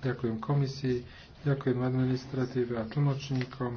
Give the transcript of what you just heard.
Ďakujem komisii, ďakujem administratíve a tlmočníkom.